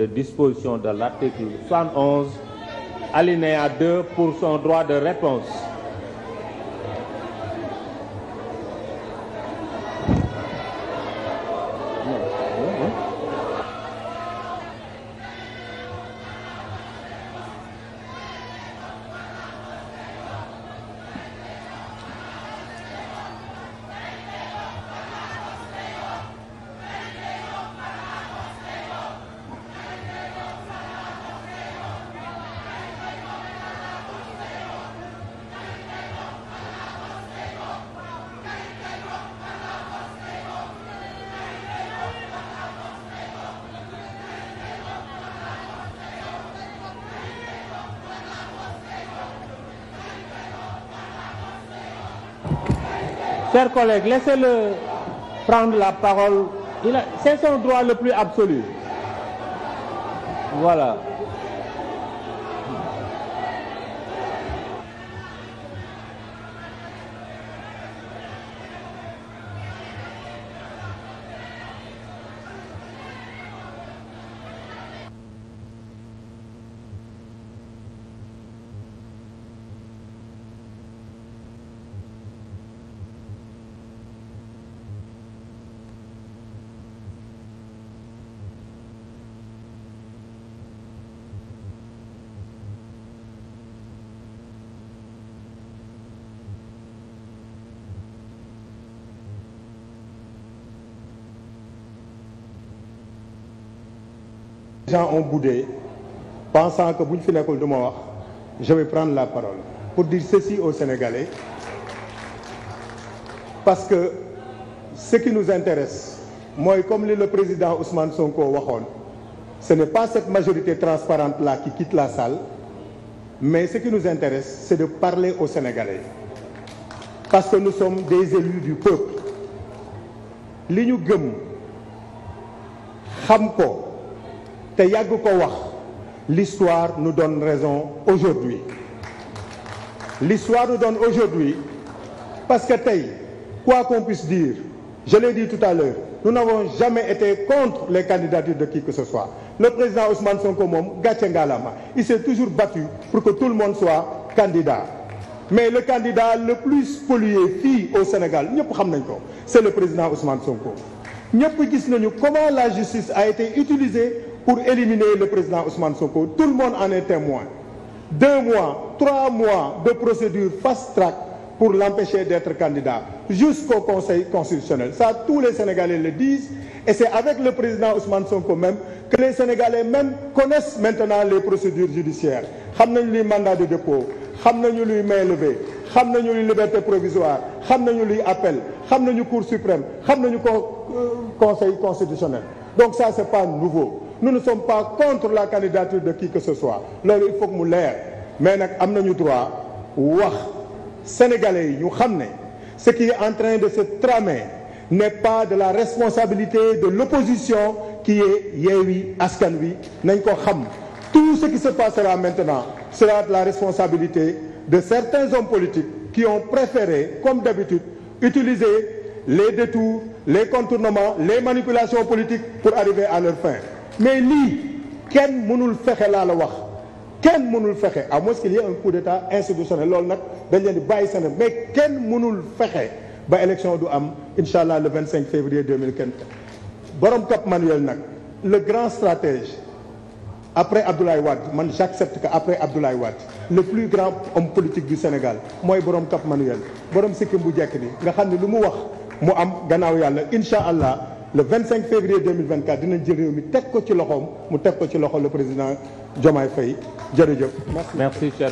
des dispositions de l'article 111, alinéa 2 pour son droit de réponse. Chers collègues, laissez-le prendre la parole. C'est son droit le plus absolu. Voilà. gens ont boudé pensant que bu ñu fi nekkul du ma wax je vais prendre la parole pour dire ceci au Sénégalais parce que ce qui nous intéresse mooy comme li le président Ousmane Sonko waxoon ce n'est pas cette majorité transparente là qui quitte la salle mais ce qui nous intéresse c'est de parler aux Sénégalais parce que nous sommes des élus du peuple li ñu gëm xam ko te yàgg ko wax l'histoire nous donne raison aujourd'hui l'histoire nous donne aujourd'hui parce que tey quoi qu'on puisse dire je l'ai dit tout à l'heure nous n'avons jamais été contre les candidatures de qui que ce soit le président Ousmane Sonko moom gàcce ngaalama il s'est toujours battu pour que tout le monde soit candidat mais le candidat le plus pollué fii au Sénégal ñëpp xam nañ ko c'est le président Ousmane Sonko ñëpp gis nañu comment la justice a été utilisée pour éliminer le président Ousmane Sonko tout le monde en est témoin deux mois trois mois de procédure fast track pour l'empêcher d'être candidat jusqu'au Conseil constitutionnel ça tous les Sénégalais le disent et c'est avec le président Ousmane Sonko même que les Sénégalais même connaissent maintenant les procédures judiciaires xam nañu luy mandat de dépôt xam nañu luy main levée xam nañu luy liberté xam nañu luy appel xam nañu Cour suprême xam nañu euh, Conseil constitutionnel donc ça c'est pas nouveau nous ne sommes pas contre la candidature de qui que ce soit loolu il faut que mu leer mais nag am nañu droit wax sénégalais yi ñu xam ne ce qui est en train de se tramer n'est pas de la responsabilité de l'opposition qui est Yewwi Askan Wi nañ ko xam tout ce qui se passera maintenant sera de la responsabilité de certains hommes politiques qui ont préféré comme d'habitude utiliser les détours les contournements les manipulations politiques pour arriver à fin mais lii kenn mënul fexe laa la wax kenn mënul fexe à moins qu'il y ait un coup d'état institutionnel loolu nag dañ leen di bàyyi seen mais kenn mënul fexe ba élection du am incha allah le vingt 25 février 2015 borom Cap Manuel nag le grand stratège après Abdoulaye Wade man j'accepte que après Abdoulaye Wade le plus grand homme politique du Sénégal mooy borom Cap Manuel borom sikkim bu jekk bi nga xam ne lu mu wax mu am gannaaw yàlla incha le 25 février 2024 dinañ jël réew mi teg ko ci loxoom mu teg ko ci loxo la président Diomaye Faye jërëjëf merci. merci cher